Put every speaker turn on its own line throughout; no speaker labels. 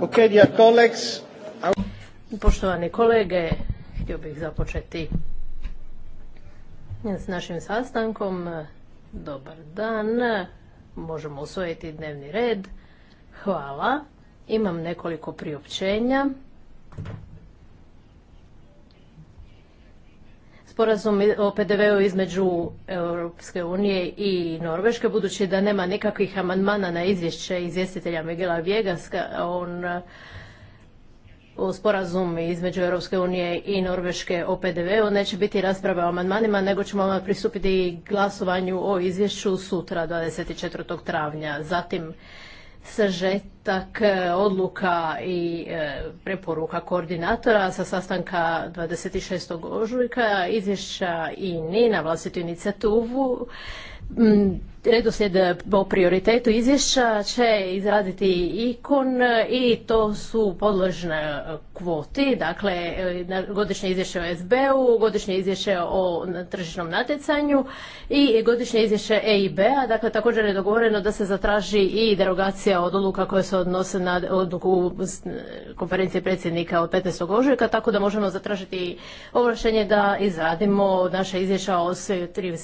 Okay, Poštovani kolege, htio bih započeti s našim sastankom. Dobar dan, možemo usvojiti dnevni red. Hvala. Imam nekoliko priopćenja. sporazum o PDV-u između Europske unije i Norveške, budući da nema nikakvih amandmana na izvješće izvjestitelja Miguela Vjegaska, on o sporazum između Europske unije i Norveške o PDV-u neće biti rasprava o amandmanima, nego ćemo pristupiti glasovanju o izvješću sutra 24. travnja. Zatim sažetak e, odluka i e, preporuka koordinatora sa sastanka 26. ožujka, izvješća i ni na vlastitu inicijativu, Mm, redoslijed e, po prioritetu izvješća će izraditi ikon e, i to su podložne e, kvoti, dakle godišnje izvješće o SB-u, godišnje izvješće o tržišnom natjecanju i godišnje izvješće EIB-a. Dakle, također je dogovoreno da se zatraži i derogacija od odluka koje se odnose na odluku konferencije predsjednika od 15. ožujka, tako da možemo zatražiti ovršenje da izradimo naše izvješća o sve tri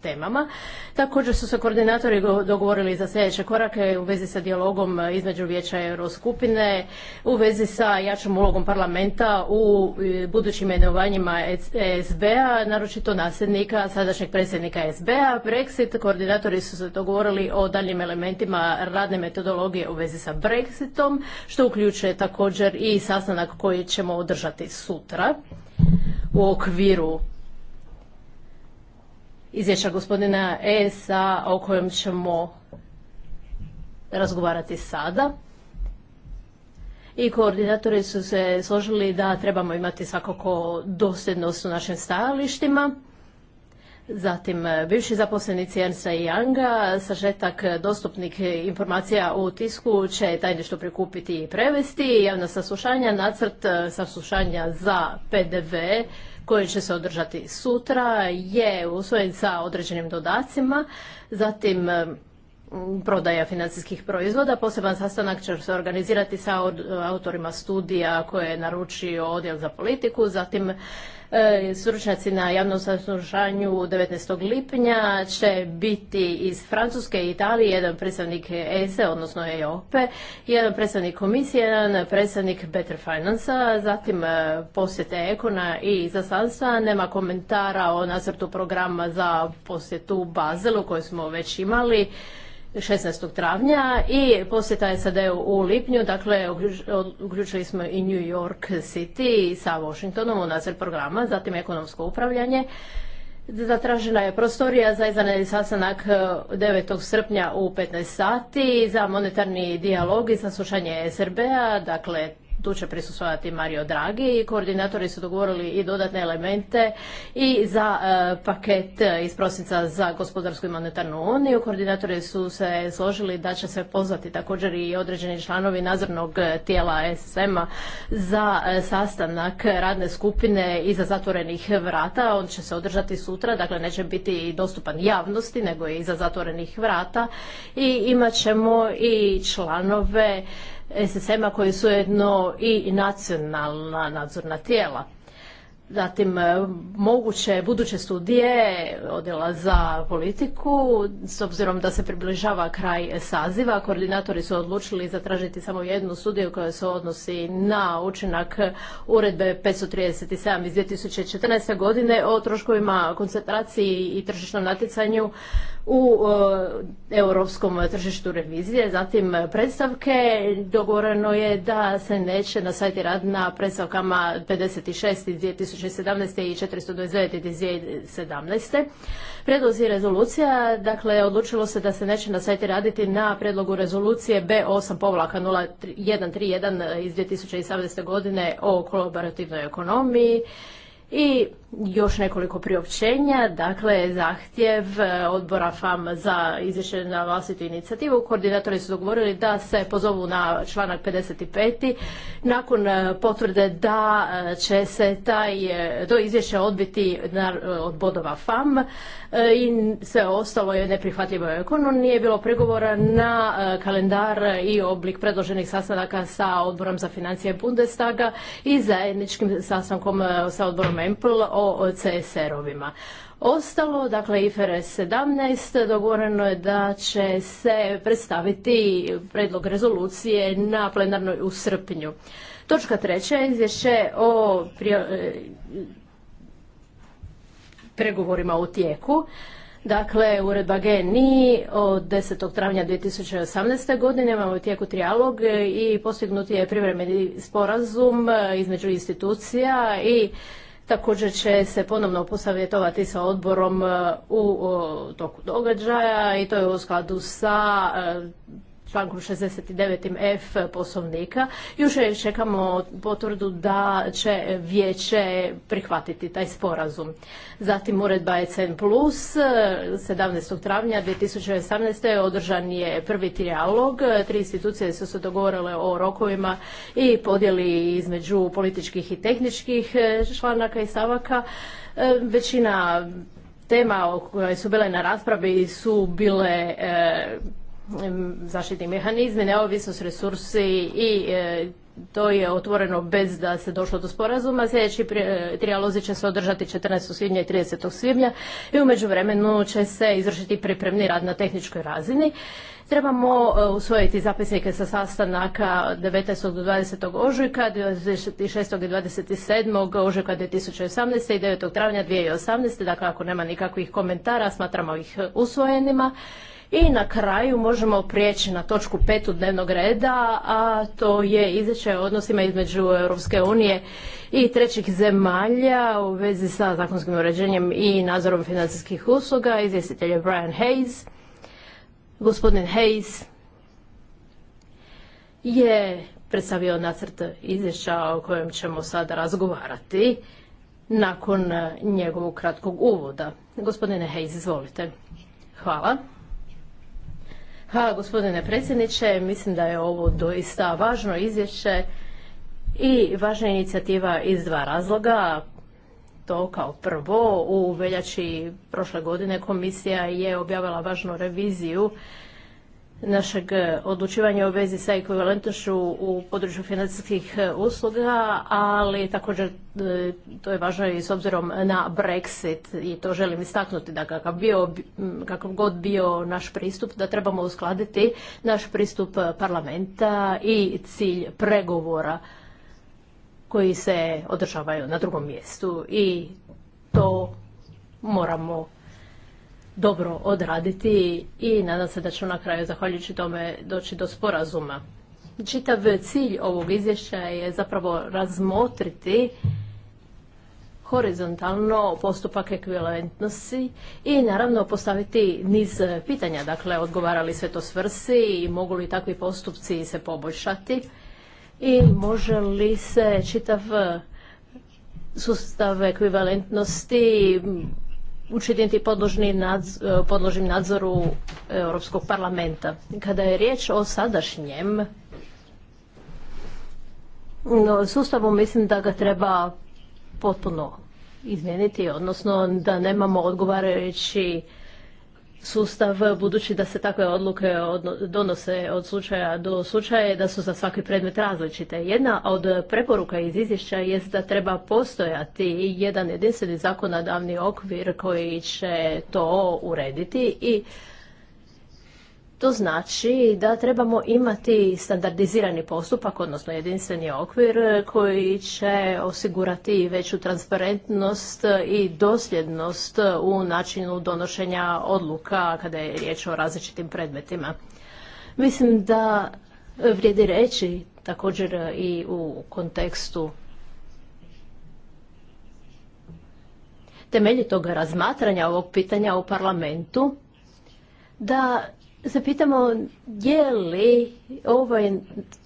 temama vama. Također su se koordinatori dogovorili za sljedeće korake u vezi sa dijalogom između Vijeća Euroskupine, u vezi sa jačom ulogom parlamenta u e, budućim imenovanjima e e SB-a, naročito nasljednika, sadašnjeg predsjednika SB-a. Brexit, koordinatori su se dogovorili o daljim elementima radne metodologije u vezi sa Brexitom, što uključuje također i sastanak koji ćemo održati sutra u okviru izvješća gospodina ESA o kojem ćemo razgovarati sada. I koordinatori su se složili da trebamo imati svakako dosljednost u našim stajalištima. Zatim, e, bivši zaposlenici Ernsta i Younga, sažetak dostupnih informacija u tisku će tajništvo prikupiti i prevesti, javna saslušanja, nacrt e, saslušanja za PDV koji će se održati sutra je usvojen sa određenim dodacima, zatim e, prodaja financijskih proizvoda. Poseban sastanak će se organizirati sa autorima studija koje je naručio odjel za politiku, zatim e, stručnjaci na javnom saslušanju 19. lipnja će biti iz Francuske i Italije jedan predstavnik ESE, odnosno EOP, e, jedan predstavnik komisije, jedan predstavnik Better finance zatim e, posjete Ekona i izaslanstva. Nema komentara o nasrtu programa za posjetu Bazelu koju smo već imali. 16. travnja i posjeta SAD-u u lipnju, dakle uključili smo i New York City sa Washingtonom u nacrt programa, zatim ekonomsko upravljanje. Zatražena je prostorija za izanedni sastanak 9. E, srpnja u 15 sati za monetarni dijalog i saslušanje SRB-a, dakle tu će prisustvovati Mario Draghi i koordinatori su dogovorili i dodatne elemente i za e, paket iz prosinca za gospodarsku i monetarnu uniju. Koordinatori su se složili da će se pozvati također i određeni članovi nadzornog tijela SSM-a za e, sastanak radne skupine iza zatvorenih vrata. On će se održati sutra, dakle neće biti dostupan javnosti nego i iza zatvorenih vrata i imat ćemo i članove SSM-a koji su jedno i nacionalna nadzorna tijela zatim e, moguće buduće studije odjela za politiku, s obzirom da se približava kraj saziva, koordinatori su odlučili zatražiti samo jednu studiju koja se odnosi na učinak uredbe 537 iz 2014. godine o troškovima koncentraciji i tržišnom natjecanju u e, europskom tržištu revizije. Zatim predstavke, dogovoreno je da se neće na sajti rad na predstavkama 56 iz 2014. 2017. i 429. 2017. Predlozi rezolucija, dakle, odlučilo se da se neće na sajti raditi na predlogu rezolucije B8 povlaka 0131 iz 2017. godine o kolaborativnoj ekonomiji i još nekoliko priopćenja, dakle zahtjev e, odbora FAM za izvješće na vlastitu inicijativu. Koordinatori su dogovorili da se pozovu na članak 55. Nakon e, potvrde da e, će se taj, to izvješće odbiti od bodova FAM i sve ostalo je neprihvatljivo ekonu. Nije bilo pregovora na kalendar i oblik predloženih sastanaka sa odborom za financije Bundestaga i zajedničkim sastankom sa odborom EMPL o CSR-ovima. Ostalo, dakle IFRS 17, dogovoreno je da će se predstaviti predlog rezolucije na plenarnoj u srpnju. Točka treća je izvješće o e, pregovorima u tijeku. Dakle, uredba GNI od 10. travnja 2018. godine imamo u tijeku trijalog i postignuti je privremeni sporazum između institucija i Također će se ponovno posavjetovati sa odborom e, u toku događaja i to je u skladu sa e, člankom 69. F poslovnika. Još čekamo potvrdu da će vijeće prihvatiti taj sporazum. Zatim uredba ECN Plus 17. travnja 2018. održan je prvi trialog Tri institucije su se dogovorile o rokovima i podjeli između političkih i tehničkih e, članaka i stavaka. E, većina tema koje su bile na raspravi su bile e, zaštitni mehanizmi, neovisnost, resursi i e, to je otvoreno bez da se došlo do sporazuma. Sljedeći e, trijalozi će se održati 14. svibnja i 30. svibnja i u međuvremenu će se izvršiti pripremni rad na tehničkoj razini. Trebamo e, usvojiti zapisnike sa sastanaka 19. do 20. ožujka, 26. i 27. ožujka 2018. i 9. travnja 2018. Dakle, ako nema nikakvih komentara, smatramo ih usvojenima. I na kraju možemo prijeći na točku petu dnevnog reda, a to je izvješće o odnosima između Europske unije i trećih zemalja u vezi sa zakonskim uređenjem i nadzorom financijskih usluga. Izvjestitelj je Brian Hayes. Gospodin Hayes je predstavio nacrt izvješća o kojem ćemo sada razgovarati nakon njegovog kratkog uvoda. Gospodine Hayes, izvolite. Hvala. Hvala gospodine predsjedniče. Mislim da je ovo doista važno izvješće i važna inicijativa iz dva razloga. To kao prvo, u veljači prošle godine komisija je objavila važnu reviziju našeg e, odlučivanja u vezi sa ekvivalentnošću u području financijskih e, usluga, ali također e, to je važno i s obzirom na Brexit i to želim istaknuti da kakav, bio, kakav god bio naš pristup, da trebamo uskladiti naš pristup parlamenta i cilj pregovora koji se održavaju na drugom mjestu i to moramo dobro odraditi i nadam se da ću na kraju zahvaljujući tome doći do sporazuma. Čitav cilj ovog izvješća je zapravo razmotriti horizontalno postupak ekvivalentnosti i naravno postaviti niz pitanja, dakle odgovarali sve to svrsi i mogu li takvi postupci se poboljšati i može li se čitav sustav ekvivalentnosti učiniti podložni eh, podložnim nadzoru eh, Europskog parlamenta. Kada je riječ o sadašnjem sustavu, mislim da ga treba potpuno izmijeniti, odnosno da nemamo odgovarajući sustav, budući da se takve odluke donose od slučaja do slučaja, da su za svaki predmet različite. Jedna od preporuka iz izvješća je da treba postojati jedan jedinstveni zakonodavni okvir koji će to urediti i to znači da trebamo imati standardizirani postupak, odnosno jedinstveni okvir e, koji će osigurati veću transparentnost i dosljednost u načinu donošenja odluka kada je riječ o različitim predmetima. Mislim da vrijedi reći također i u kontekstu temeljitog razmatranja ovog pitanja u parlamentu da zapitamo je li ovaj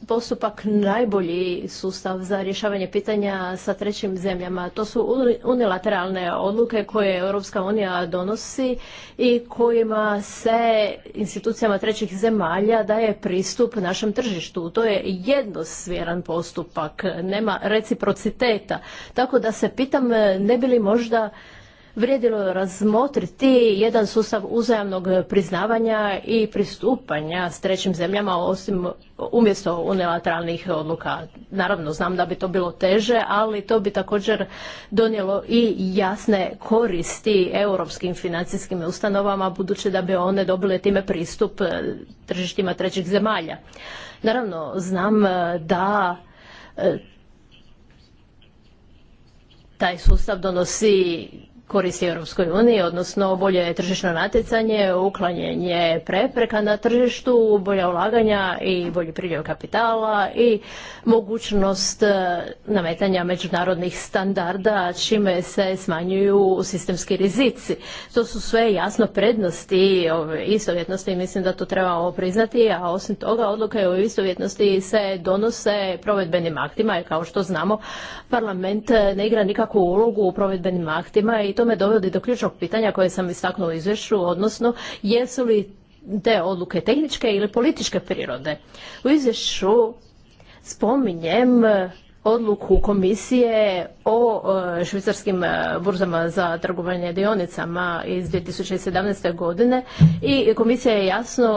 postupak najbolji sustav za rješavanje pitanja sa trećim zemljama. To su unilateralne odluke koje Europska unija donosi i kojima se institucijama trećih zemalja daje pristup našem tržištu. To je jednosvjeran postupak, nema reciprociteta. Tako da se pitam ne bi li možda vrijedilo razmotriti jedan sustav uzajamnog priznavanja i pristupanja s trećim zemljama osim umjesto unilateralnih odluka. Naravno, znam da bi to bilo teže, ali to bi također donijelo i jasne koristi europskim financijskim ustanovama, budući da bi one dobile time pristup e, tržištima trećih zemalja. Naravno, znam e, da e, taj sustav donosi koristi Europskoj uniji, odnosno bolje tržišno natjecanje, uklanjanje prepreka na tržištu, bolja ulaganja i bolji priljev kapitala i mogućnost e, nametanja međunarodnih standarda čime se smanjuju sistemski rizici. To su sve jasno prednosti istovjetnosti i mislim da to trebamo priznati, a osim toga odluke o istovjetnosti se donose provedbenim aktima i kao što znamo parlament ne igra nikakvu ulogu u provedbenim aktima i to me dovodi do ključnog pitanja koje sam istaknula u izvješću, odnosno jesu li te odluke tehničke ili političke prirode. U izvješću spominjem odluku komisije o e, švicarskim e, burzama za trgovanje dionicama iz 2017. godine i komisija je jasno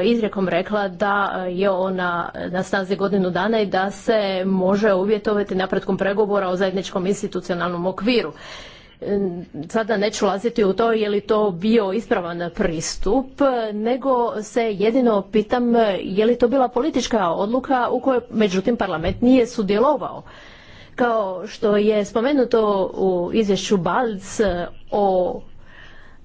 e, izrijekom rekla da je ona na snazi godinu dana i da se može uvjetovati napretkom pregovora o zajedničkom institucionalnom okviru sada neću ulaziti u to je li to bio ispravan pristup, nego se jedino pitam je li to bila politička odluka u kojoj međutim parlament nije sudjelovao. Kao što je spomenuto u izvješću Balc o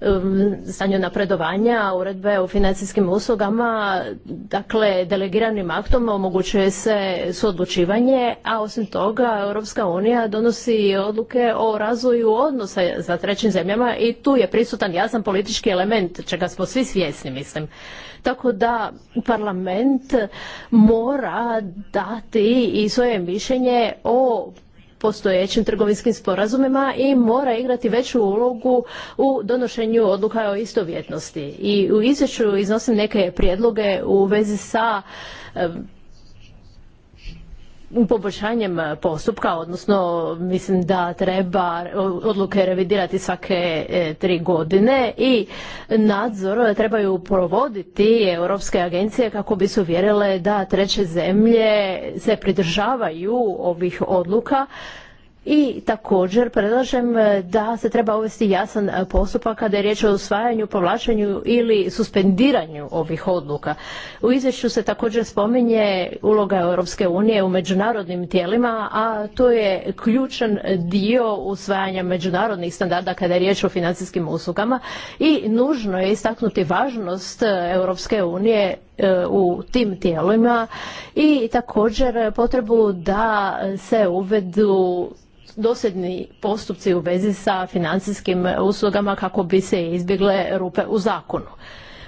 Um, stanju napredovanja, uredbe o financijskim uslugama, dakle delegiranim aktom omogućuje se suodlučivanje, a osim toga Europska unija donosi odluke o razvoju odnosa za trećim zemljama i tu je prisutan jasan politički element čega smo svi svjesni, mislim. Tako da parlament mora dati i svoje mišljenje o postojećim trgovinskim sporazumima i mora igrati veću ulogu u donošenju odluka o istovjetnosti. I u izvješću iznosim neke prijedloge u vezi sa u poboljšanjem e, postupka, odnosno mislim da treba odluke revidirati svake e, tri godine i nadzor trebaju provoditi europske agencije kako bi se uvjerile da treće zemlje se pridržavaju ovih odluka i također predlažem e, da se treba uvesti jasan e, postupak kada je riječ o usvajanju, povlačenju ili suspendiranju ovih odluka. U izvješću se također spominje uloga Europske unije u međunarodnim tijelima, a to je ključan dio usvajanja međunarodnih standarda kada je riječ o financijskim uslugama i nužno je istaknuti važnost e, Europske unije E, u tim tijelima i također potrebu da se uvedu dosljedni postupci u vezi sa financijskim uslugama kako bi se izbjegle rupe u zakonu.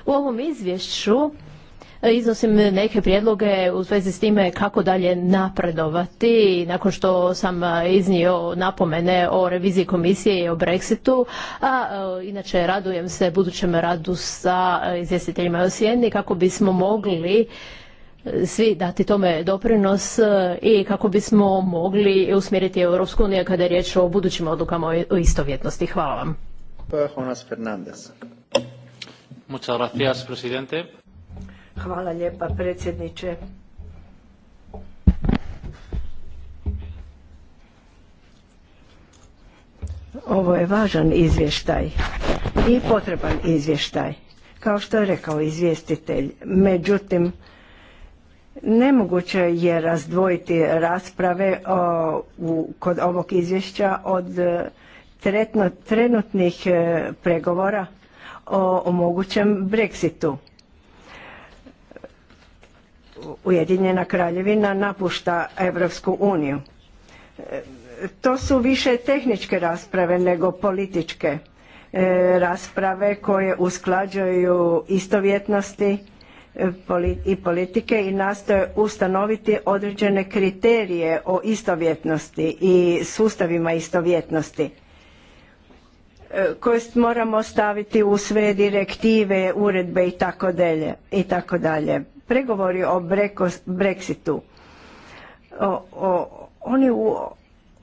U ovom izvješću iznosim neke prijedloge u svezi s time kako dalje napredovati nakon što sam iznio napomene o reviziji komisije i o Brexitu, a e, inače radujem se budućem radu sa izvjestiteljima o Sjeni kako bismo mogli svi dati tome doprinos i kako bismo mogli usmjeriti Europsku uniju kada je riječ o budućim odlukama o istovjetnosti. Hvala vam. Pa,
Hvala lijepa predsjedniče. Ovo je važan izvještaj i potreban izvještaj, kao što je rekao izvjestitelj. Međutim, nemoguće je razdvojiti rasprave kod ovog izvješća od e, trenutnih e, pregovora o, o mogućem Brexitu Ujedinjena kraljevina napušta Europsku uniju. E, to su više tehničke rasprave nego političke e, rasprave koje usklađuju istovjetnosti e, i politike i nastoje ustanoviti određene kriterije o istovjetnosti i sustavima istovjetnosti koje moramo staviti u sve direktive, uredbe i tako dalje pregovori o Brexitu, oni u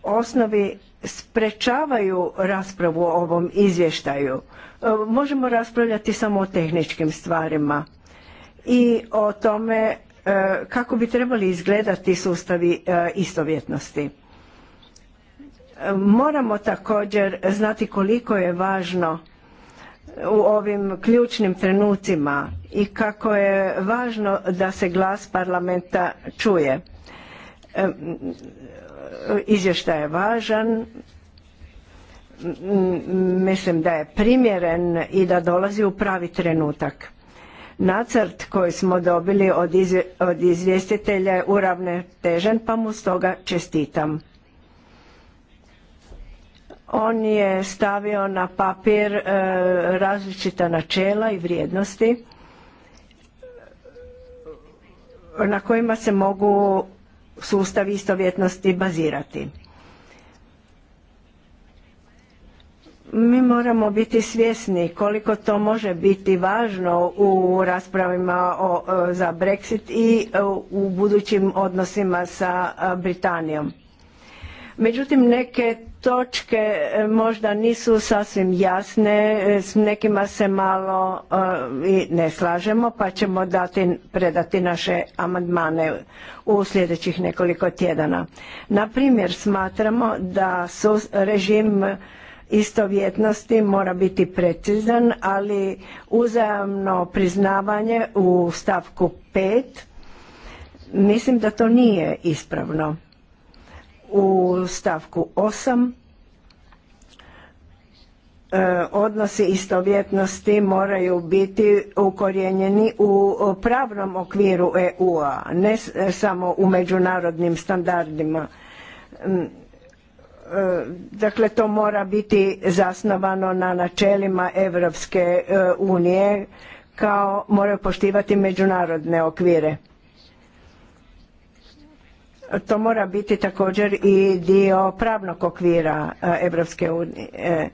osnovi sprečavaju raspravu o ovom izvještaju. E, možemo raspravljati samo o tehničkim stvarima i o tome e, kako bi trebali izgledati sustavi e, istovjetnosti. Moramo također znati koliko je važno u ovim ključnim trenucima i kako je važno da se glas parlamenta čuje. E, izvještaj je važan, mislim da je primjeren i da dolazi u pravi trenutak. Nacrt koji smo dobili od izvjestitelja je uravnotežen pa mu stoga čestitam on je stavio na papir e, različita načela i vrijednosti na kojima se mogu sustavi istovjetnosti bazirati. Mi moramo biti svjesni koliko to može biti važno u raspravima e, za Brexit i e, u budućim odnosima sa Britanijom. Međutim, neke točke e, možda nisu sasvim jasne, e, s nekima se malo e, i ne slažemo pa ćemo dati, predati naše amandmane u sljedećih nekoliko tjedana. Na primjer smatramo da režim istovjetnosti mora biti precizan, ali uzajamno priznavanje u stavku 5 mislim da to nije ispravno u stavku 8 e, odnosi istovjetnosti moraju biti ukorijenjeni u pravnom okviru EU-a, ne e, samo u međunarodnim standardima. Mm, e, dakle, to mora biti zasnovano na načelima Evropske unije, kao moraju poštivati međunarodne okvire to mora biti također i dio pravnog okvira e, Evropske unije. E,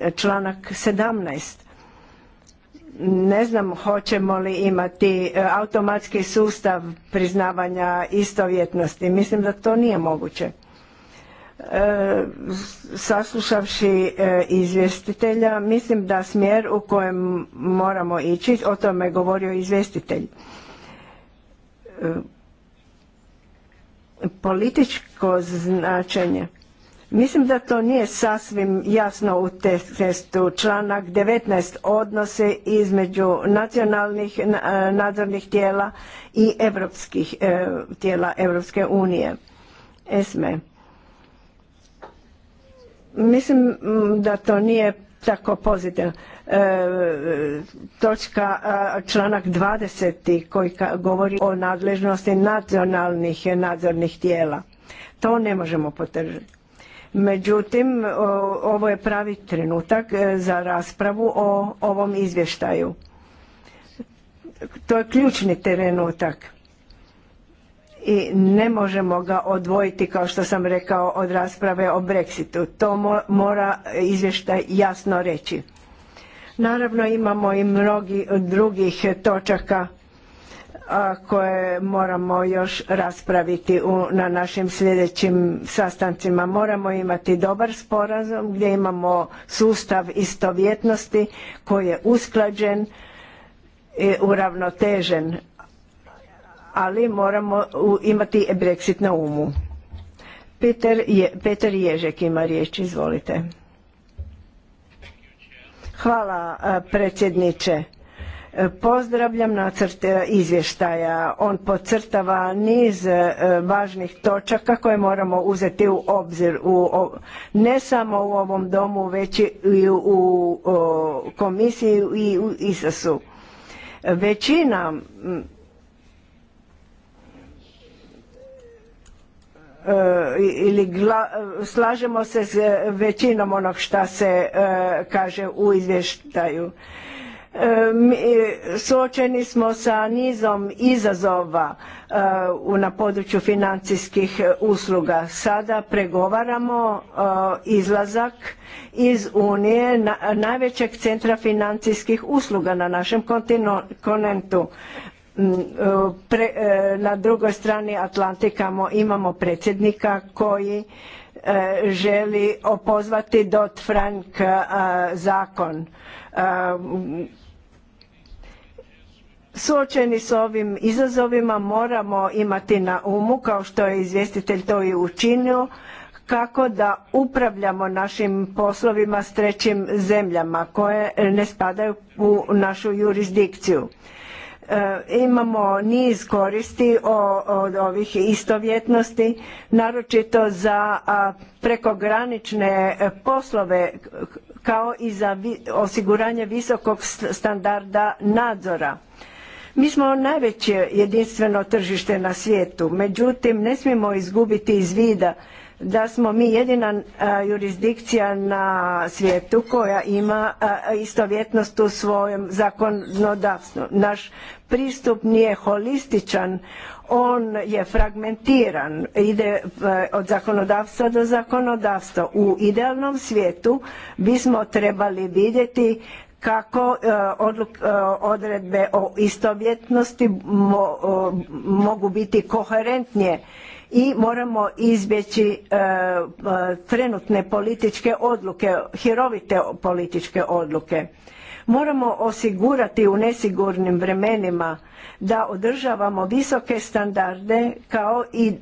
e, članak 17. Ne znam hoćemo li imati automatski sustav priznavanja istovjetnosti. Mislim da to nije moguće. Saslušavši izvjestitelja, mislim da smjer u kojem moramo ići, o tome je govorio izvjestitelj političko značenje. Mislim da to nije sasvim jasno u testu. Članak 19 odnose između nacionalnih nadzornih tijela i europskih e, tijela Europske unije. Esme. Mislim da to nije tako pozitivno. E, točka članak 20. koji govori o nadležnosti nacionalnih nadzornih tijela. To ne možemo potržiti. Međutim, ovo je pravi trenutak e, za raspravu o ovom izvještaju. To je ključni trenutak i ne možemo ga odvojiti kao što sam rekao od rasprave o Brexitu. To mora izvještaj jasno reći. Naravno imamo i mnogi drugih točaka koje moramo još raspraviti na našim sljedećim sastancima. Moramo imati dobar sporazum gdje imamo sustav istovjetnosti koji je usklađen i uravnotežen ali moramo imati Brexit na umu. Peter, Je, Peter Ježek ima riječ, izvolite. Hvala e, predsjedniče. E, pozdravljam nacrt e, izvještaja. On podcrtava niz važnih točaka koje moramo uzeti u obzir u, ne samo u ovom domu, već i u, komisiji i u ISAS-u. Većina E, ili slažemo se s e, većinom onog šta se e, kaže u izvještaju. suočeni smo sa nizom izazova na području financijskih usluga. Sada pregovaramo izlazak iz Unije najvećeg centra financijskih usluga na našem kontinentu. Mm, e, e, na drugoj strani Atlantika imamo predsjednika koji e, želi opozvati dot Frank zakon. Suočeni s ovim izazovima moramo imati na umu, kao što je izvjestitelj to i učinio, kako da upravljamo našim poslovima s trećim zemljama koje ne spadaju u našu jurisdikciju. E, imamo niz koristi od ovih istovjetnosti, naročito za prekogranične e, poslove kao i za osiguranje visokog standarda nadzora. Mi smo najveće jedinstveno tržište na svijetu, međutim ne smijemo izgubiti iz vida da smo mi jedina jurisdikcija na svijetu koja ima istovjetnost u svojem zakonodavstvu. Naš pristup nije holističan, on je fragmentiran, ide e, od zakonodavstva do zakonodavstva. U idealnom svijetu bismo trebali vidjeti kako e, e, odredbe o istovjetnosti mogu biti koherentnije i moramo izbjeći e, e, trenutne političke odluke, hirovite političke odluke. Moramo osigurati u nesigurnim vremenima da održavamo visoke standarde kao i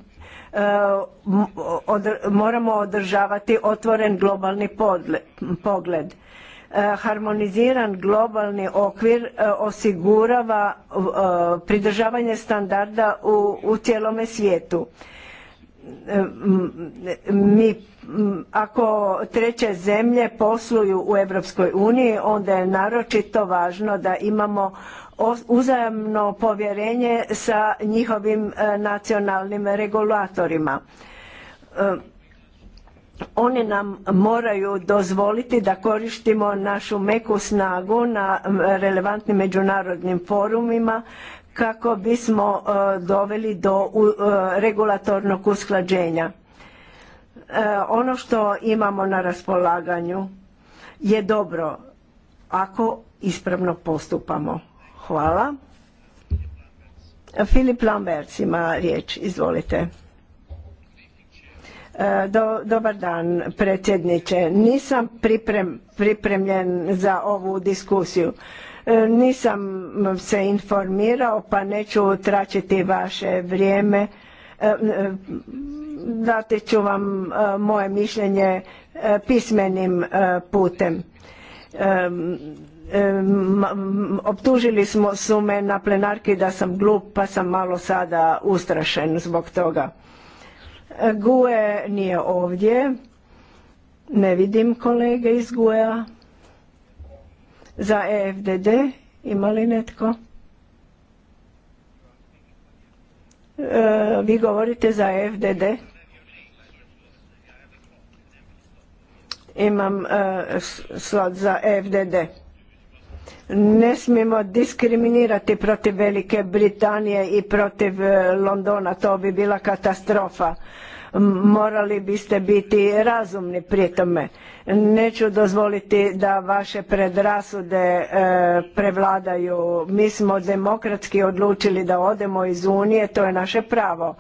e, moramo održavati otvoren globalni pogled harmoniziran globalni okvir e, osigurava e, pridržavanje standarda u, cijelome svijetu. E, ako treće zemlje posluju u Europskoj uniji, onda je naročito važno da imamo uzajamno povjerenje sa njihovim nacionalnim regulatorima oni nam moraju dozvoliti da koristimo našu meku snagu na relevantnim međunarodnim forumima kako bismo e, doveli do e, regulatornog usklađenja. E, ono što imamo na raspolaganju je dobro ako ispravno postupamo. Hvala. Filip Lamberts ima riječ. Izvolite. E, dobar dan predsjedniče. Nisam pripremljen za ovu diskusiju. E, nisam se informirao pa neću tračiti vaše vrijeme. E, dati ću vam moje mišljenje pismenim putem. Optužili smo su me na plenarki da sam glup pa sam malo sada ustrašen zbog toga. Gue nije ovdje. Ne vidim kolege iz Guea. Za EFDD ima li netko? E, vi govorite za EFDD? Imam e, slad za EFDD. Ne smijemo diskriminirati protiv Velike Britanije i protiv e, Londona, to bi bila katastrofa. Morali biste biti razumni pri tome. Neću dozvoliti da vaše predrasude e, prevladaju. Mi smo demokratski odlučili da odemo iz Unije, to je naše pravo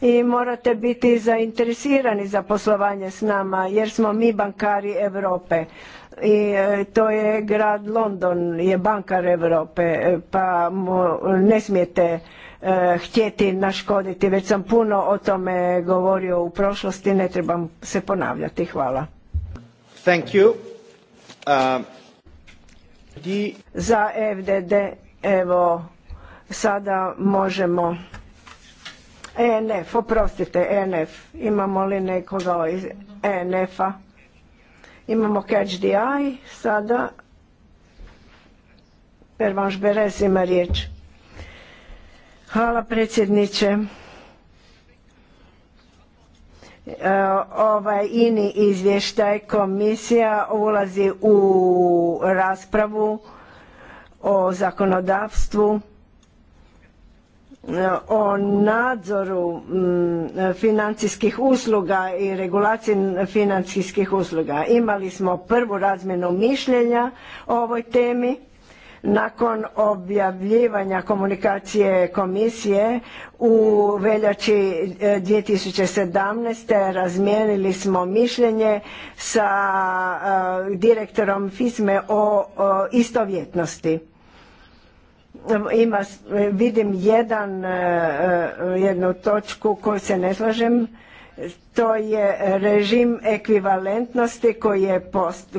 i morate biti zainteresirani za poslovanje s nama jer smo mi bankari Europe i e, to je grad London, je bankar Europe, e, pa ne smijete e, htjeti naškoditi, već sam puno o tome govorio u prošlosti, ne trebam se ponavljati. Hvala. Thank you. Uh, Za FDD, evo, sada možemo... ENF, oprostite, ENF, imamo li nekoga iz ENF-a? Imamo catch the eye, sada Pervanš Berez ima riječ. Hvala predsjedniče. E, ovaj ini izvještaj komisija ulazi u raspravu o zakonodavstvu E, o nadzoru mm, financijskih usluga i regulaciji financijskih usluga. Imali smo prvu razmjenu mišljenja o ovoj temi. Nakon objavljivanja komunikacije komisije u veljači 2017. E, razmijenili smo mišljenje sa e, direktorom FISME o istovjetnosti vidim jedan, e, e, jednu točku koju se ne slažem, to je režim ekvivalentnosti koji,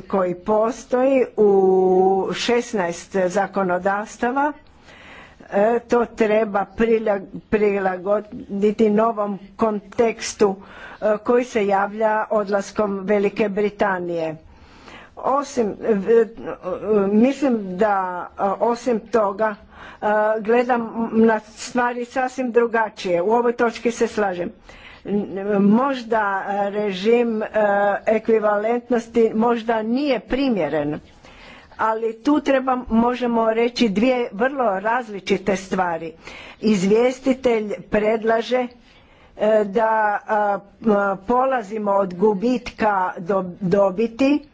koji postoji u 16 zakonodavstava. E, to treba prilagoditi novom kontekstu koji se javlja odlaskom Velike Britanije osim, mislim da osim toga gledam na stvari sasvim drugačije. U ovoj točki se slažem. Možda režim ekvivalentnosti možda nije primjeren, ali tu treba, možemo reći dvije vrlo različite stvari. Izvjestitelj predlaže e, da polazimo od gubitka dobiti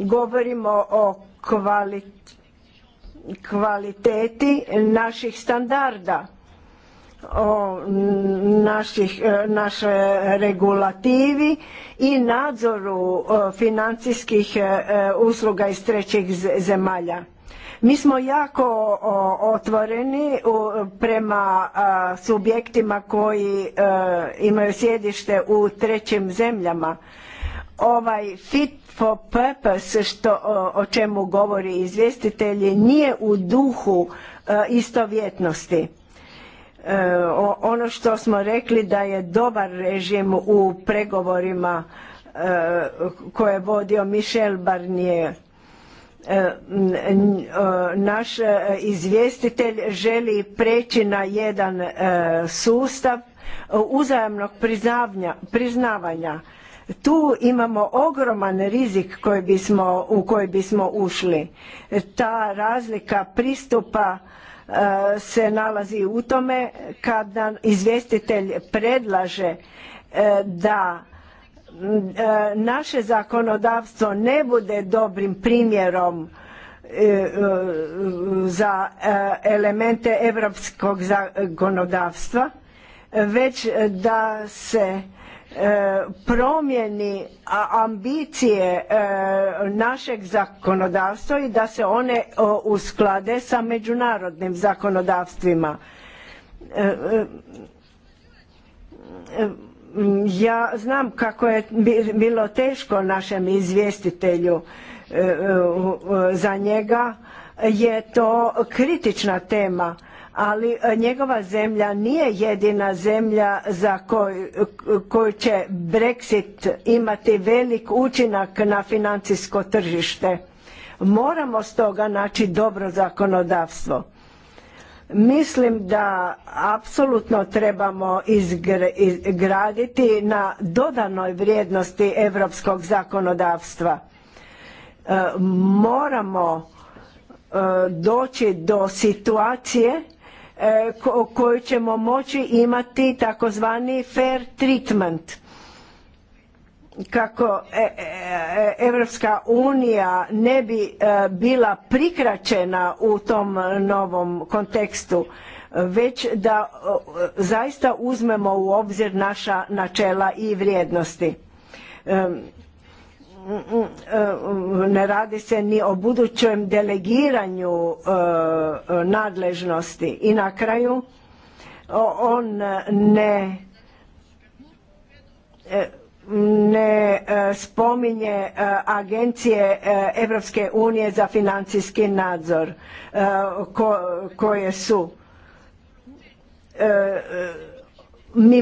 Govorimo o kvaliteti naših standarda, o naših, e, regulativi i nadzoru e, financijskih e, usluga iz trećih zemalja. Mi smo jako otvoreni prema subjektima koji imaju sjedište u trećim zemljama. Ovaj fit for purpose o čemu govori izvjestitelj nije u duhu e, istovjetnosti. E, ono što smo rekli da je dobar režim u pregovorima e, koje je vodio Michel Barnier naš izvjestitelj želi preći na jedan sustav uzajamnog priznavanja tu imamo ogroman rizik koji bismo, u koji bismo ušli. Ta razlika pristupa e, se nalazi u tome kada izvjestitelj predlaže e, da e, naše zakonodavstvo ne bude dobrim primjerom za elemente evropskog zakonodavstva već da se E, promjeni ambicije e, našeg zakonodavstva i da se one e, usklade sa međunarodnim zakonodavstvima. Ja znam kako je bilo teško našem izvjestitelju za njega je to kritična tema ali e, njegova zemlja nije jedina zemlja za koju, će Brexit imati velik učinak na financijsko tržište. Moramo stoga naći dobro zakonodavstvo. Mislim da apsolutno trebamo izgraditi na dodanoj vrijednosti europskog zakonodavstva. E, moramo e, doći do situacije E, koju ćemo moći imati takozvani fair treatment kako e, e, Evropska unija ne bi bila prikraćena u tom novom kontekstu već da zaista uzmemo u obzir naša načela i vrijednosti ne radi se ni o budućem delegiranju e, nadležnosti i na kraju on ne e, ne e, spominje agencije Europske unije za financijski nadzor koje su mi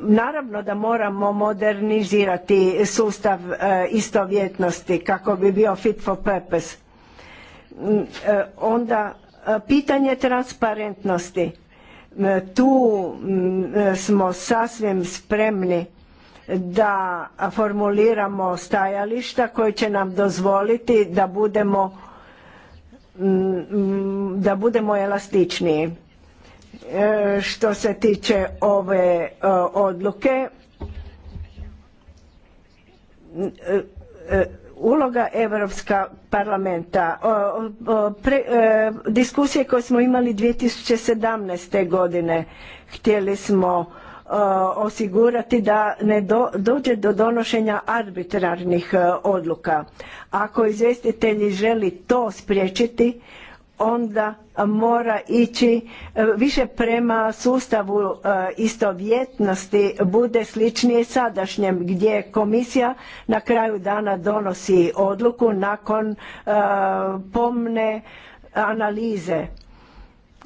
naravno da moramo modernizirati sustav e, istovjetnosti kako bi bio fit for purpose e, onda e, pitanje transparentnosti tu smo sasvim spremni da formuliramo stajališta koje će nam dozvoliti da budemo da budemo elastičniji E, što se tiče ove e, odluke e, uloga Europska parlamenta, diskusije koje smo imali 2017. godine, htjeli smo osigurati da ne dođe do donošenja arbitrarnih odluka. Ako izvjestitelji želi to spriječiti, onda mora ići e, više prema sustavu e, istovjetnosti bude sličnije sadašnjem gdje komisija na kraju dana donosi odluku nakon e, pomne analize.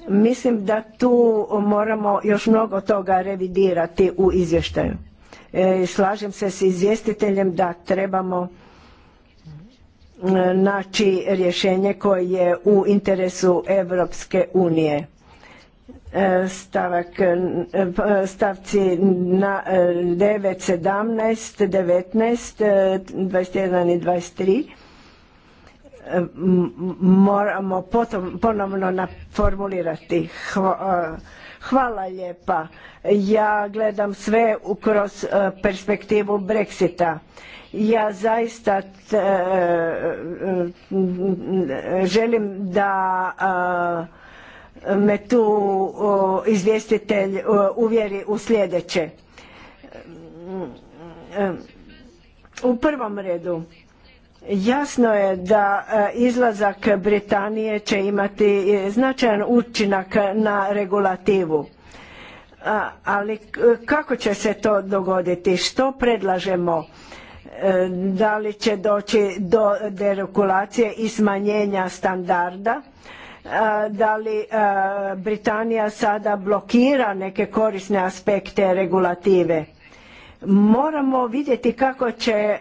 Mislim da tu moramo još mnogo toga revidirati u izvještaju. Slažem se s izvjestiteljem da trebamo naći rješenje koje je u interesu Europske unije. E, e, stavci na 9, 17, 19, 21 i 23 e, moramo ponovno formulirati. Hvala lijepa. Ja gledam sve kroz perspektivu Brexita ja zaista e, želim da e, me tu izvjestitelj uvjeri u sljedeće. U prvom redu jasno je da e, izlazak Britanije će imati značajan učinak na regulativu. Ali kako će se to dogoditi? Što predlažemo? E, da li će doći do deregulacije i smanjenja standarda e, da li e, Britanija sada blokira neke korisne aspekte regulative Moramo vidjeti kako će e, e,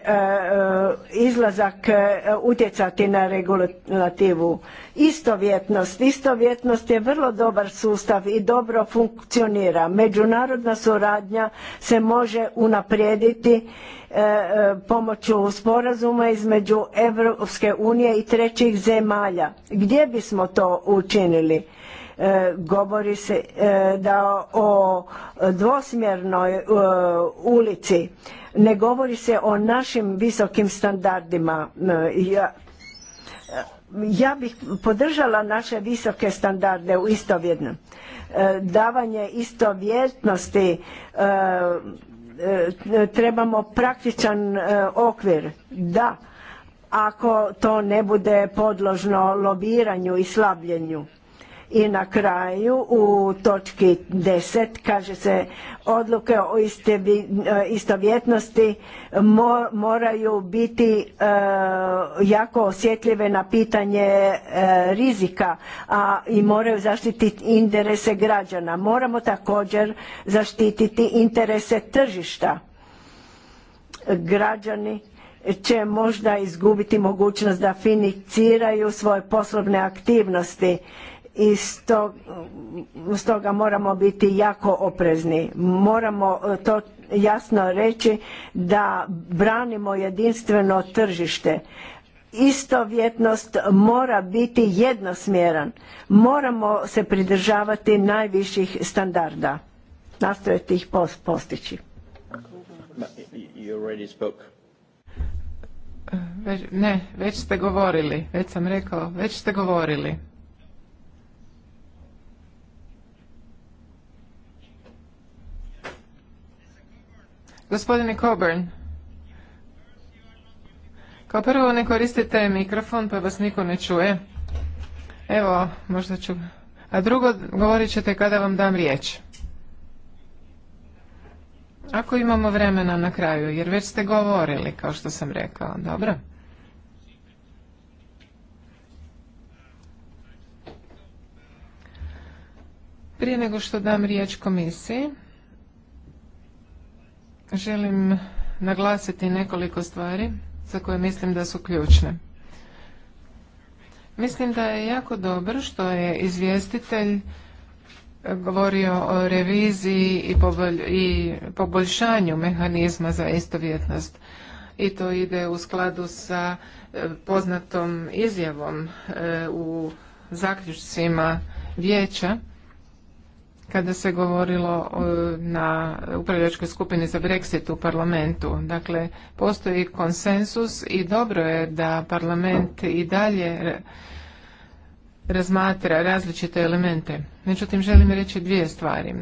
izlazak e, utjecati na regulativu. Istovjetnost. Istovjetnost je vrlo dobar sustav i dobro funkcionira. Međunarodna suradnja se može unaprijediti pomoću sporazuma između Europske unije i trećih zemalja. Gdje bismo to učinili? E, govori se e, da o dvosmjernoj e, ulici, ne govori se o našim visokim standardima. Ja, bih podržala naše visoke standarde u istovjetnom. Davanje istovjetnosti trebamo praktičan okvir. Da, ako to ne bude podložno lobiranju i slabljenju i na kraju u točki 10 kaže se odluke o e, istovjetnosti moraju biti e, jako osjetljive na pitanje e, rizika a i moraju zaštititi interese građana. Moramo također zaštititi interese tržišta. Građani će možda izgubiti mogućnost da financiraju svoje poslovne aktivnosti i stoga moramo biti jako oprezni. Moramo e, to jasno reći da branimo jedinstveno tržište. Istovjetnost mora biti jednosmjeran. Moramo se pridržavati najviših standarda. Nastojati ih postići.
ne, već ste govorili, već sam rekao, već ste govorili. Gospodine Coburn, kao prvo ne koristite mikrofon pa vas niko ne čuje. Evo, možda ću... A drugo, govorit ćete kada vam dam riječ. Ako imamo vremena na kraju, jer već ste govorili, kao što sam rekao, dobro? Prije nego što dam riječ komisiji, želim naglasiti nekoliko stvari za koje mislim da su ključne. Mislim da je jako dobro što je izvjestitelj govorio o reviziji i poboljšanju mehanizma za istovjetnost i to ide u skladu sa e, poznatom izjavom e, u zaključcima vijeća kada se govorilo e, na upravljačkoj skupini za Brexit u parlamentu. Dakle, postoji konsensus i dobro je da parlament i dalje razmatra različite elemente. Međutim, želim reći dvije stvari.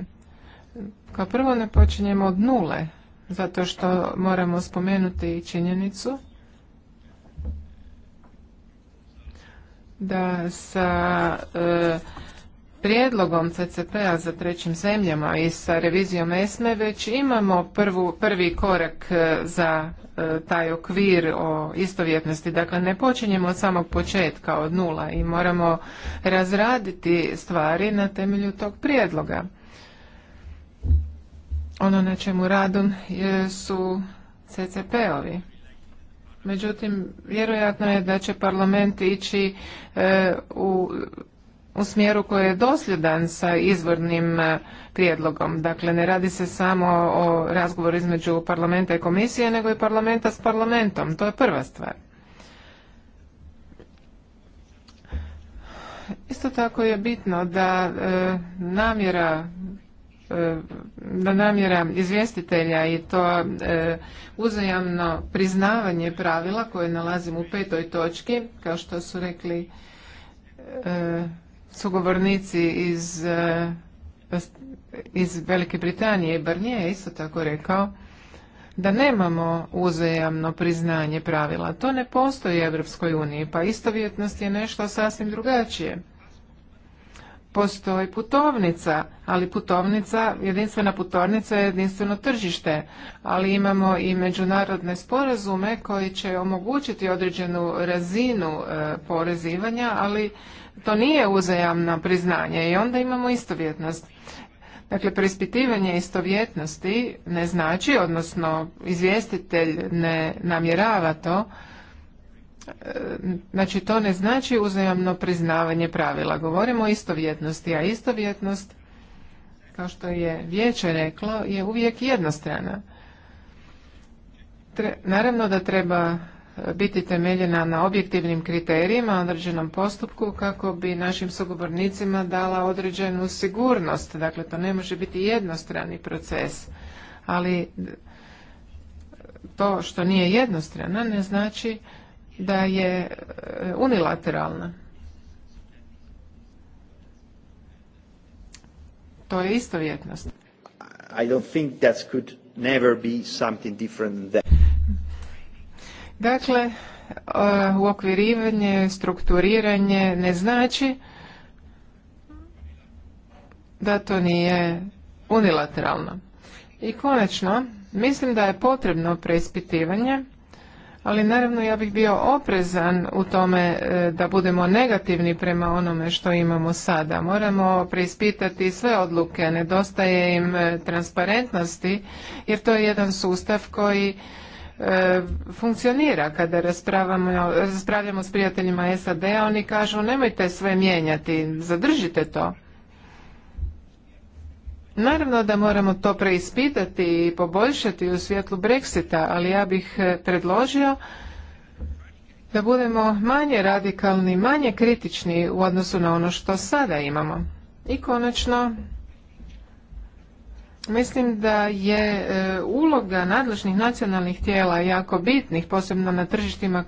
Kao prvo ne počinjemo od nule, zato što moramo spomenuti činjenicu da sa e, prijedlogom CCP-a za trećim zemljama i sa revizijom ESME već imamo prvi korak e, za e, taj okvir o istovjetnosti. Dakle, ne počinjemo od samog početka, od nula i moramo razraditi stvari na temelju tog prijedloga. Ono na čemu radom su CCP-ovi. Međutim, vjerojatno je da će parlament ići e, u u smjeru koji je dosljedan sa izvornim e, prijedlogom. Dakle, ne radi se samo o razgovoru između parlamenta i komisije, nego i parlamenta s parlamentom. To je prva stvar. Isto tako je bitno da e, namjera e, da namjera izvjestitelja i to uzajamno priznavanje pravila koje nalazim u petoj točki, kao što su rekli sugovornici iz, eh, iz Velike Britanije, Barnije je isto tako rekao, da nemamo uzajamno priznanje pravila. To ne postoji u Europskoj uniji, pa istovjetnost je nešto sasvim drugačije. Postoji putovnica, ali putovnica, jedinstvena putovnica je jedinstveno tržište, ali imamo i međunarodne sporazume koji će omogućiti određenu razinu eh, porezivanja, ali to nije uzajamno priznanje i onda imamo istovjetnost. Dakle, preispitivanje istovjetnosti ne znači, odnosno izvjestitelj ne namjerava to, e, znači to ne znači uzajamno priznavanje pravila. Govorimo o istovjetnosti, a istovjetnost, kao što je vijeće reklo, je uvijek jednostrana. naravno da treba biti temeljena na objektivnim kriterijima, određenom postupku kako bi našim sugovornicima dala određenu sigurnost. Dakle, to ne može biti jednostrani proces, ali to što nije jednostrana ne znači da je e, unilateralna. To je istovjetnost.
I don't think that could never
be something different than
Dakle, e, uokvirivanje, strukturiranje ne znači da to nije unilateralno. I konačno, mislim da je potrebno preispitivanje, ali naravno ja bih bio oprezan u tome e, da budemo negativni prema onome što imamo sada. Moramo preispitati sve odluke, nedostaje im e, transparentnosti jer to je jedan sustav koji E, funkcionira kada raspravljamo s prijateljima SAD-a, oni kažu nemojte sve mijenjati, zadržite to. Naravno da moramo to preispitati i poboljšati u svjetlu Brexita, ali ja bih e, predložio da budemo manje radikalni, manje kritični u odnosu na ono što sada imamo. I konačno, Mislim da je e, uloga nadležnih nacionalnih tijela jako bitnih, posebno na tržištima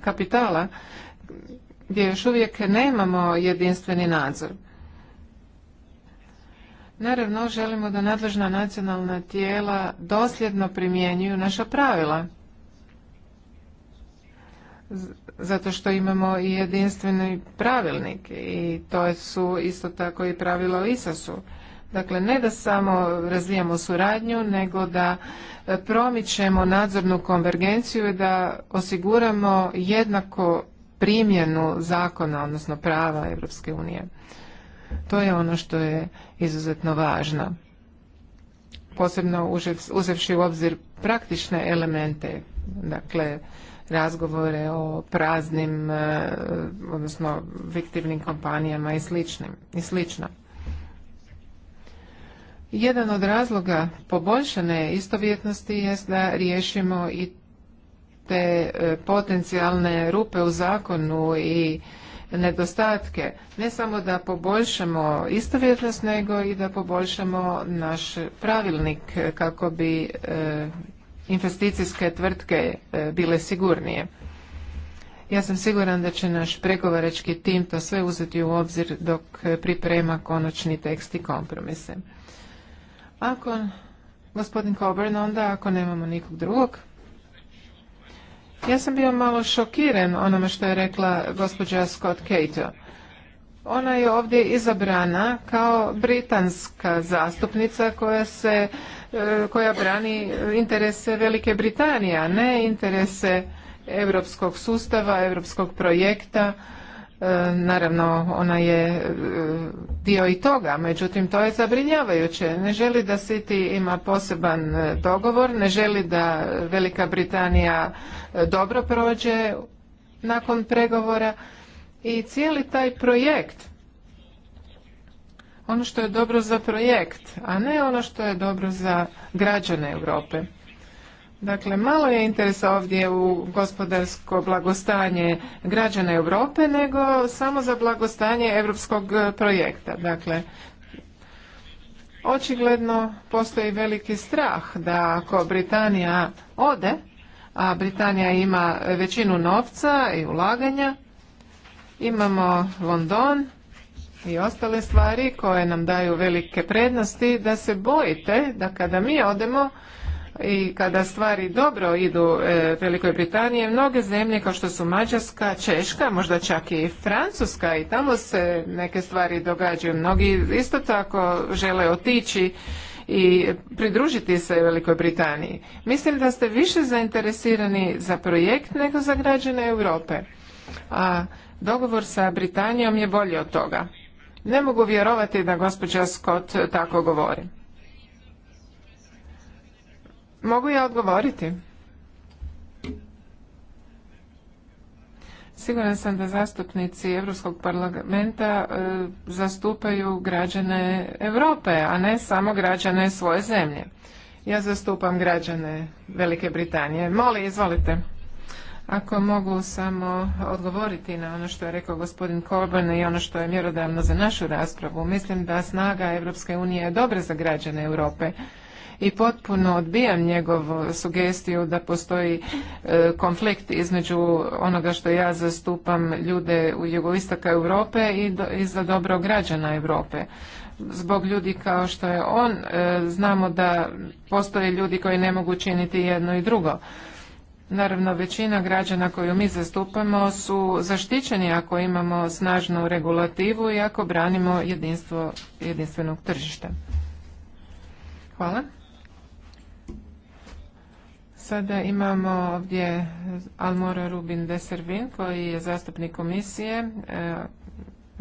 kapitala, gdje još uvijek nemamo jedinstveni nadzor. Naravno, želimo da nadležna nacionalna tijela dosljedno primjenjuju naša pravila, zato što imamo i jedinstveni pravilnik i to su isto tako i pravila o ISAS-u. Dakle, ne da samo razvijamo suradnju, nego da e, promičemo nadzornu konvergenciju i da osiguramo jednako primjenu zakona, odnosno prava Europske unije. To je ono što je izuzetno važno. Posebno uzevši u obzir praktične elemente, dakle, razgovore o praznim, e, odnosno, viktivnim kompanijama i slično. Jedan od razloga poboljšane istovjetnosti jest da riješimo i te e, potencijalne rupe u zakonu i nedostatke. Ne samo da poboljšamo istovjetnost, nego i da poboljšamo naš pravilnik kako bi e, investicijske tvrtke e, bile sigurnije. Ja sam siguran da će naš pregovarački tim to sve uzeti u obzir dok priprema konačni tekst i kompromise. Ako, gospodin Coburn, onda ako nemamo nikog drugog. Ja sam bio malo šokiran onome što je rekla gospođa Scott Cato. Ona je ovdje izabrana kao britanska zastupnica koja se e, koja brani interese Velike Britanije, a ne interese europskog sustava, europskog projekta E, naravno, ona je e, dio i toga, međutim, to je zabrinjavajuće. Ne želi da City ima poseban e, dogovor, ne želi da Velika Britanija dobro prođe nakon pregovora i cijeli taj projekt, ono što je dobro za projekt, a ne ono što je dobro za građane Europe. Dakle, malo je interesa ovdje u gospodarsko blagostanje građana Europe nego samo za blagostanje europskog e, projekta. Dakle, očigledno postoji veliki strah da ako Britanija ode, a Britanija ima većinu novca i ulaganja, imamo London i ostale stvari koje nam daju velike prednosti, da se bojite da kada mi odemo, i kada stvari dobro idu e, Velikoj Britaniji, mnoge zemlje kao što su Mađarska, Češka, možda čak i Francuska i tamo se neke stvari događaju. Mnogi isto tako žele otići i pridružiti se Velikoj Britaniji. Mislim da ste više zainteresirani za projekt nego za građane Europe. A dogovor sa Britanijom je bolji od toga. Ne mogu vjerovati da gospođa Scott tako govori. Mogu ja odgovoriti? Siguran sam da zastupnici Europskog parlamenta e, zastupaju građane Europe, a ne samo građane svoje zemlje. Ja zastupam građane Velike Britanije. Moli, izvolite. Ako mogu samo odgovoriti na ono što je rekao gospodin Corbyn i ono što je mjerodavno za našu raspravu, mislim da snaga Europske unije je dobra za građane Europe i potpuno odbijam njegovu sugestiju da postoji e, konflikt između onoga što ja zastupam ljude u jugoistaka Europe i, za dobro građana Europe zbog ljudi kao što je on e, znamo da postoje ljudi koji ne mogu činiti jedno i drugo Naravno, većina građana koju mi zastupamo su zaštićeni ako imamo snažnu regulativu i ako branimo jedinstvo jedinstvenog tržišta. Hvala. Sada imamo ovdje Almora Rubin Deservin koji je zastupnik komisije, eh,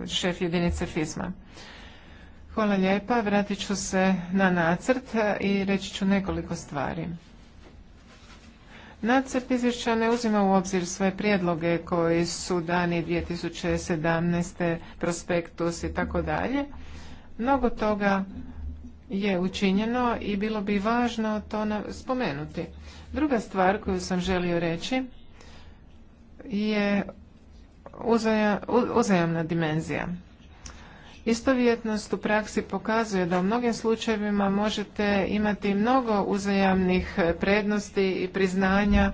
šef jedinice FISMA. Hvala lijepa, vratit ću se na nacrt eh, i reći ću nekoliko stvari. Nacrt izvješća ne uzima u obzir sve prijedloge koji su dani 2017. prospektus i tako dalje. Mnogo toga je učinjeno i bilo bi važno to spomenuti. Druga stvar koju sam želio reći je uzajamna dimenzija. Istovjetnost u praksi pokazuje da u mnogim slučajevima možete imati mnogo uzajamnih prednosti i priznanja,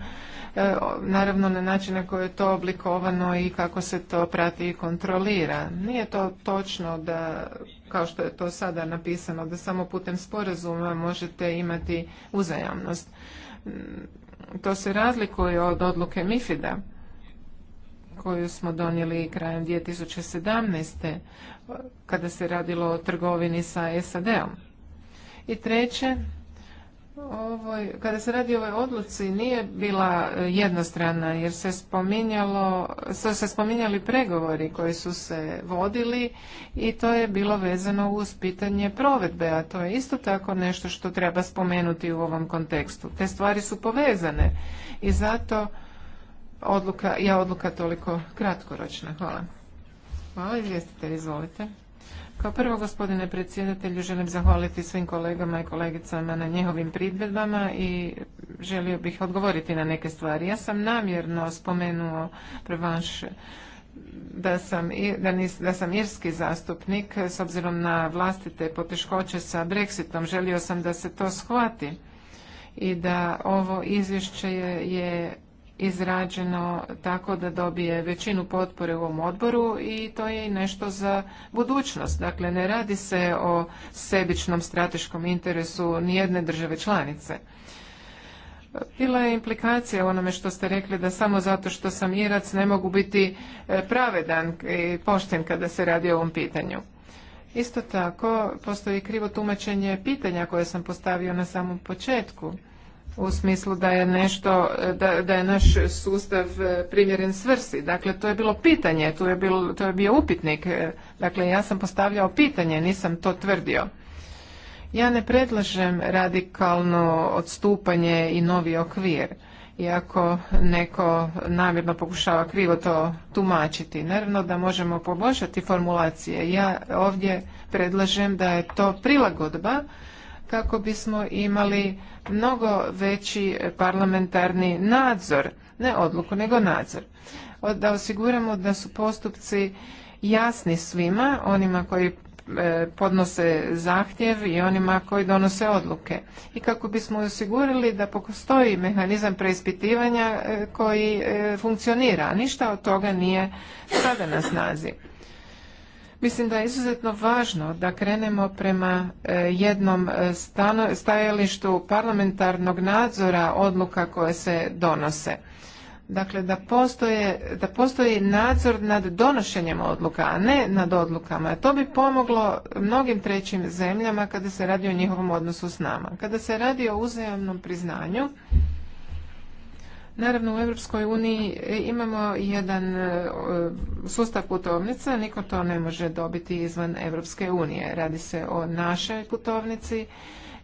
e, naravno na način na koji je to oblikovano i kako se to prati i kontrolira. Nije to točno da kao što je to sada napisano, da samo putem sporazuma možete imati uzajamnost. Mm, to se razlikuje od odluke MIFID-a koju smo donijeli krajem 2017. kada se radilo o trgovini sa SAD-om. I treće, ovoj, kada se radi o ovoj odluci nije bila e, jednostrana jer se spominjalo, su se spominjali pregovori koji su se vodili i to je bilo vezano uz pitanje provedbe, a to je isto tako nešto što treba spomenuti u ovom kontekstu. Te stvari su povezane i zato odluka, je odluka toliko kratkoročna. Hvala. Hvala izvjestitelj, izvolite. Kao prvo, gospodine predsjedatelju, želim zahvaliti svim kolegama i kolegicama na njihovim pridbedbama i želio bih odgovoriti na neke stvari. Ja sam namjerno spomenuo prevanš da sam, da, sam irski zastupnik s obzirom na vlastite poteškoće sa Brexitom. Želio sam da se to shvati i da ovo izvješće je izrađeno tako da dobije većinu potpore u ovom odboru i to je i nešto za budućnost. Dakle, ne radi se o sebičnom strateškom interesu nijedne države članice. Bila je implikacija onome što ste rekli da samo zato što sam Irac ne mogu biti e, pravedan i pošten kada se radi o ovom pitanju. Isto tako, postoji krivo tumačenje pitanja koje sam postavio na samom početku u smislu da je nešto, da, da je naš sustav e, primjeren svrsi. Dakle, to je bilo pitanje, to je to je bio upitnik. E, dakle, ja sam postavljao pitanje, nisam to tvrdio. Ja ne predlažem radikalno odstupanje i novi okvir, iako neko namjerno pokušava krivo to tumačiti. Naravno da možemo poboljšati formulacije. Ja ovdje predlažem da je to prilagodba kako bismo imali mnogo veći parlamentarni nadzor, ne odluku nego nadzor. Da osiguramo da su postupci jasni svima, onima koji e, podnose zahtjev i onima koji donose odluke. I kako bismo osigurali da postoji mehanizam preispitivanja e, koji e, funkcionira, a ništa od toga nije sada na snazi. Mislim da je izuzetno važno da krenemo prema e, jednom e, stajalištu parlamentarnog nadzora odluka koje se donose. Dakle, da, da postoji nadzor nad donošenjem odluka, a ne nad odlukama. To bi pomoglo mnogim trećim zemljama kada se radi o njihovom odnosu s nama. Kada se radi o uzajamnom priznanju, Naravno u Europskoj uniji imamo jedan e, sustav putovnica, niko to ne može dobiti izvan Europske unije. Radi se o našoj putovnici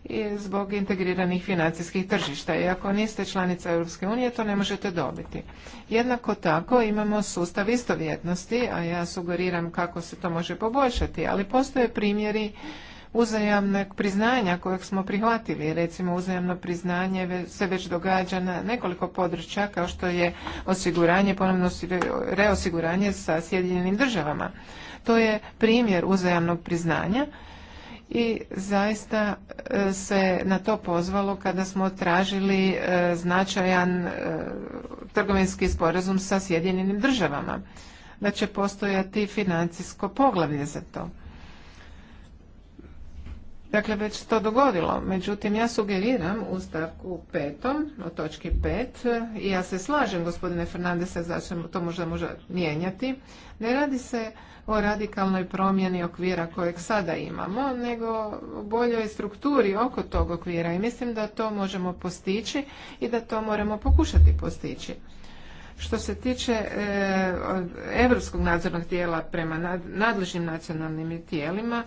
i zbog integriranih financijskih tržišta. I ako niste članica Europske unije, to ne možete dobiti. Jednako tako imamo sustav istovjetnosti, a ja sugeriram kako se to može poboljšati, ali postoje primjeri uzajamnog priznanja kojeg smo prihvatili. Recimo, uzajamno priznanje se već događa na nekoliko područja kao što je osiguranje, ponovno reosiguranje sa Sjedinjenim državama. To je primjer uzajamnog priznanja i zaista e, se na to pozvalo kada smo tražili e, značajan e, trgovinski sporazum sa Sjedinjenim državama da će postojati financijsko poglavlje za to dakle već se to dogodilo. Međutim, ja sugeriram u stavku petom, o točki pet, i ja se slažem, gospodine Fernandese, zašto to možda može mijenjati. Ne radi se o radikalnoj promjeni okvira kojeg sada imamo, nego o boljoj strukturi oko tog okvira i mislim da to možemo postići i da to moramo pokušati postići. Što se tiče e, Europskog nadzornog tijela prema nadležnim nacionalnim tijelima,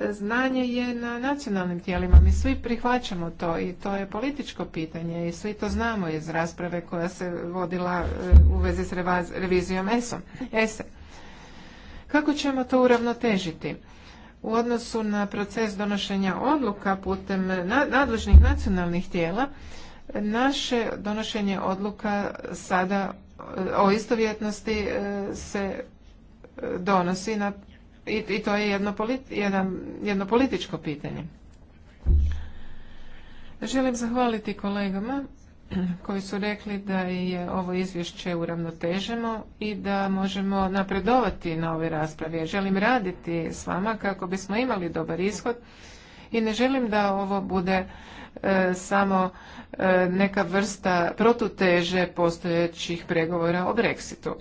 e, znanje je na nacionalnim tijelima. Mi svi prihvaćamo to i to je političko pitanje i svi to znamo iz rasprave koja se vodila e, u vezi s revizijom ESOM. Kako ćemo to uravnotežiti? U odnosu na proces donošenja odluka putem nadležnih nacionalnih tijela, naše donošenje odluka sada o istovjetnosti e, se e, donosi na, i, to je jedno, jedan, jedno političko pitanje. Želim zahvaliti kolegama koji su rekli da je ovo izvješće uravnoteženo i da možemo napredovati na ovoj raspravi. Želim raditi s vama kako bismo imali dobar ishod i ne želim da ovo bude e, samo E, neka vrsta protuteže postojećih pregovora o Brexitu.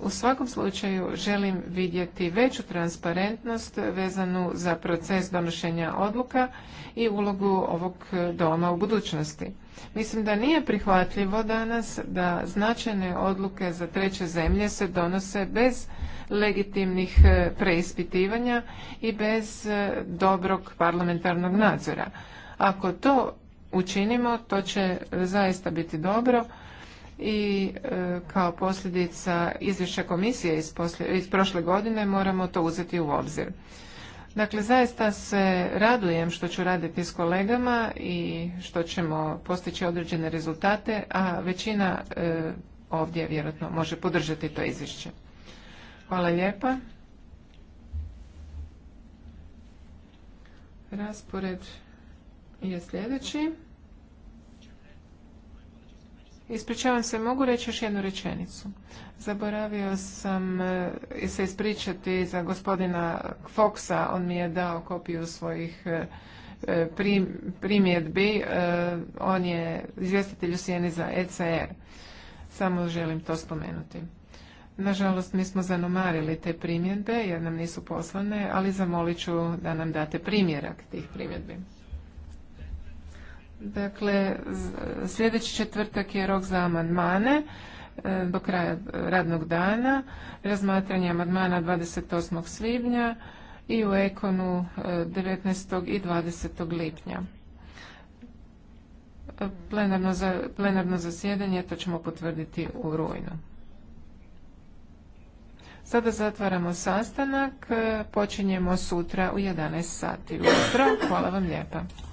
U svakom slučaju želim vidjeti veću transparentnost vezanu za proces donošenja odluka i ulogu ovog doma u budućnosti. Mislim da nije prihvatljivo danas da značajne odluke za treće zemlje se donose bez legitimnih e, preispitivanja i bez e, dobrog parlamentarnog nadzora. Ako to učinimo, to će zaista biti dobro i e, kao posljedica izvješća komisije iz, prošle godine moramo to uzeti u obzir. Dakle, zaista se radujem što ću raditi s kolegama i što ćemo postići određene rezultate, a većina e, ovdje vjerojatno može podržati to izvješće. Hvala lijepa. Raspored je sljedeći. Ispričavam se, mogu reći još jednu rečenicu. Zaboravio sam e, se ispričati za gospodina Foxa, on mi je dao kopiju svojih e, e, primjedbi, on je izvjestitelj u sjeni za ECR. Samo želim to spomenuti. Nažalost, mi smo zanomarili te primjedbe jer nam nisu poslane, ali zamolit ću da nam date primjerak tih primjedbi. Dakle, sljedeći četvrtak je rok za amandmane e, do kraja radnog dana, razmatranje amandmana 28. svibnja i u Ekonu 19. E, i 20. lipnja. E, plenarno, zasjedanje to ćemo potvrditi u rujnu. Sada zatvaramo sastanak, počinjemo sutra u 11 sati ujutro. Hvala vam lijepa.